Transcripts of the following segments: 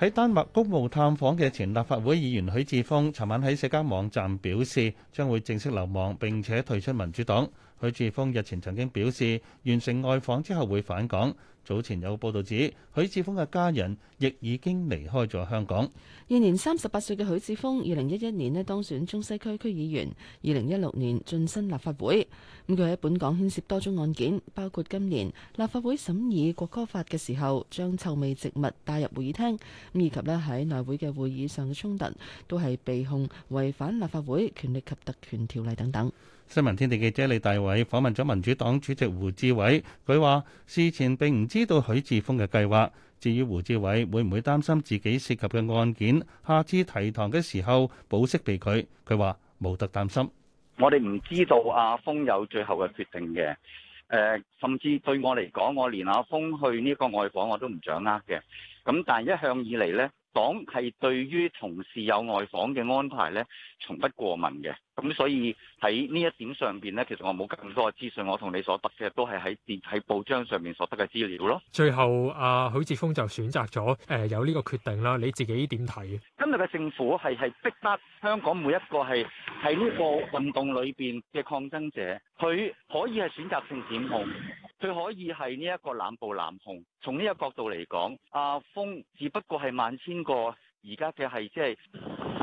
喺丹麥公務探訪嘅前立法會議員許智峯，尋晚喺社交網站表示將會正式流亡並且退出民主黨。許智峯日前曾經表示，完成外訪之後會返港。早前有報道指，許智峯嘅家人亦已經離開咗香港。現年三十八歲嘅許智峯，二零一一年呢當選中西區區議員，二零一六年晉身立法會。咁佢喺本港牽涉多宗案件，包括今年立法會審議國歌法嘅時候，將臭味植物帶入會議廳，咁以及呢喺內會嘅會議上嘅衝突，都係被控違反立法會權力及特權條例等等。新聞天地記者李大煒訪問咗民主黨主席胡志偉，佢話事前並唔知道許智峯嘅計劃。至於胡志偉會唔會擔心自己涉及嘅案件，下次提堂嘅時候保釋被拒。佢話冇得擔心。我哋唔知道阿峰有最後嘅決定嘅。誒、呃，甚至對我嚟講，我連阿峰去呢個外訪我都唔掌握嘅。咁但係一向以嚟，呢、黨係對於同事有外訪嘅安排呢，從不過問嘅。咁、嗯、所以喺呢一點上邊咧，其實我冇更多嘅資訊。我同你所得嘅都係喺電喺報章上面所得嘅資料咯。最後阿許智峯就選擇咗誒有呢個決定啦。你自己點睇？今日嘅政府係係逼得香港每一個係喺呢個運動裏邊嘅抗爭者，佢可以係選擇性檢控，佢可以係呢一個濫捕濫控。從呢個角度嚟講，阿、啊、峰只不過係萬千個。而家嘅係即係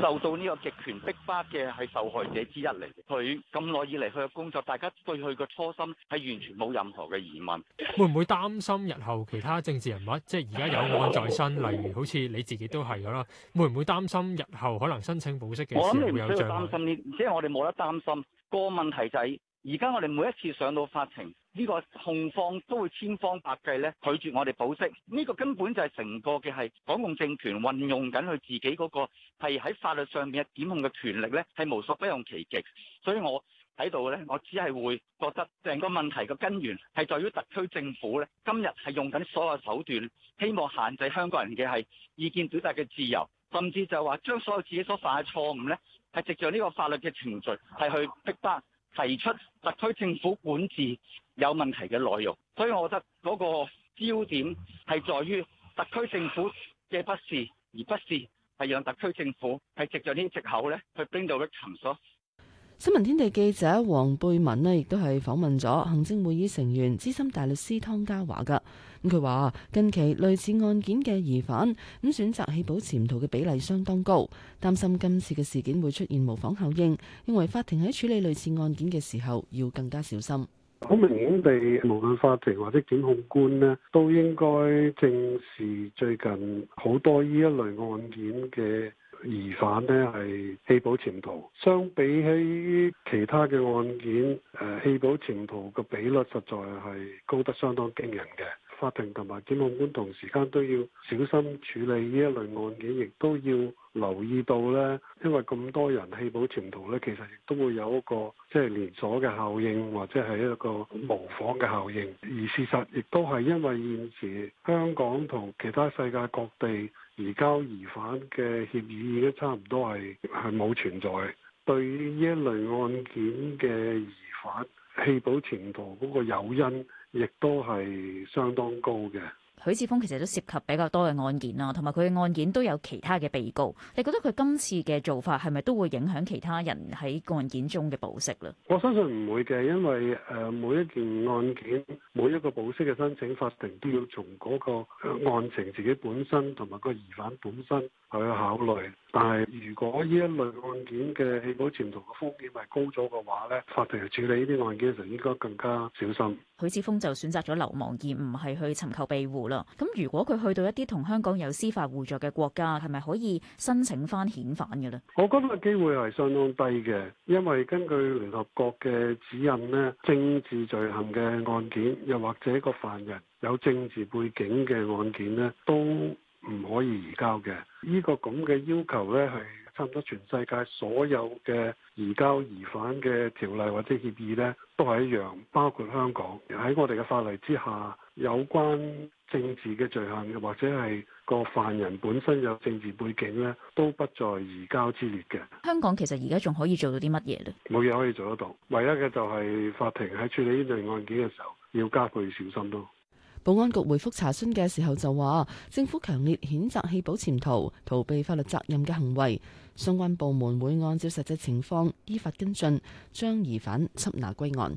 受到呢個極權迫壓嘅係受害者之一嚟，佢咁耐以嚟佢嘅工作，大家對佢嘅初心係完全冇任何嘅疑問。會唔會擔心日後其他政治人物？即係而家有案在身，例如好似你自己都係咁啦。會唔會擔心日後可能申請保釋嘅時候會有障礙？我諗你唔需要擔心呢，即係我哋冇得擔心。個問題就係。而家我哋每一次上到法庭，呢個控方都會千方百計咧拒絕我哋保釋，呢個根本就係成個嘅係港共政權運用緊佢自己嗰個係喺法律上面嘅檢控嘅權力咧，係無所不用其極，所以我喺度咧，我只係會覺得成個問題嘅根源係在於特區政府咧，今日係用緊所有手段希望限制香港人嘅係意見表達嘅自由，甚至就話將所有自己所犯嘅錯誤咧，係藉着呢個法律嘅程序係去逼迫。提出特區政府管治有問題嘅內容，所以我覺得嗰個焦點係在於特區政府嘅不，不是，而不是係讓特區政府係藉著呢啲藉口咧去冰到嘅陳訴。新聞天地記者黃貝文咧，亦都係訪問咗行政會議成員、資深大律師湯家驊噶。咁佢話：近期類似案件嘅疑犯咁選擇棄保潛逃嘅比例相當高，擔心今次嘅事件會出現模仿效應，認為法庭喺處理類似案件嘅時候要更加小心。好明顯地，無論法庭或者檢控官咧，都應該正視最近好多呢一類案件嘅。疑犯呢，係棄保潛逃，相比起其他嘅案件，誒，棄保潛逃嘅比率實在係高得相當驚人嘅。法庭同埋檢控官同時間都要小心處理呢一類案件，亦都要留意到呢，因為咁多人棄保潛逃呢，其實亦都會有一個即係、就是、連鎖嘅效應，或者係一個模仿嘅效應。而事實亦都係因為現時香港同其他世界各地移交疑犯嘅協議已經，而家差唔多係係冇存在。對於呢一類案件嘅疑犯棄保潛逃嗰個誘因，亦都係相當高嘅。許智峯其實都涉及比較多嘅案件啦，同埋佢嘅案件都有其他嘅被告。你覺得佢今次嘅做法係咪都會影響其他人喺案件中嘅保釋呢？我相信唔會嘅，因為誒每一件案件、每一個保釋嘅申請，法庭都要從嗰個案情自己本身同埋個疑犯本身去考慮。但係如果呢一類案件嘅棄保潛逃嘅風險係高咗嘅話呢，法庭去處理呢啲案件嘅時候應該更加小心。許智峯就選擇咗流亡，而唔係去尋求庇護。咁如果佢去到一啲同香港有司法互助嘅國家，係咪可以申請翻遣返嘅咧？我覺得機會係相當低嘅，因為根據聯合國嘅指引咧，政治罪行嘅案件，又或者一個犯人有政治背景嘅案件咧，都唔可以移交嘅。呢個咁嘅要求咧，係差唔多全世界所有嘅移交疑犯嘅條例或者協議咧，都係一樣，包括香港喺我哋嘅法例之下。有關政治嘅罪行，又或者係個犯人本身有政治背景咧，都不在移交之列嘅。香港其實而家仲可以做到啲乜嘢咧？冇嘢可以做得到，唯一嘅就係法庭喺處理呢類案件嘅時候要加倍小心咯。保安局回覆查詢嘅時候就話，政府強烈譴責棄保潛逃、逃避法律責任嘅行為。相關部門會按照實際情況依法跟進，將疑犯緝拿歸案。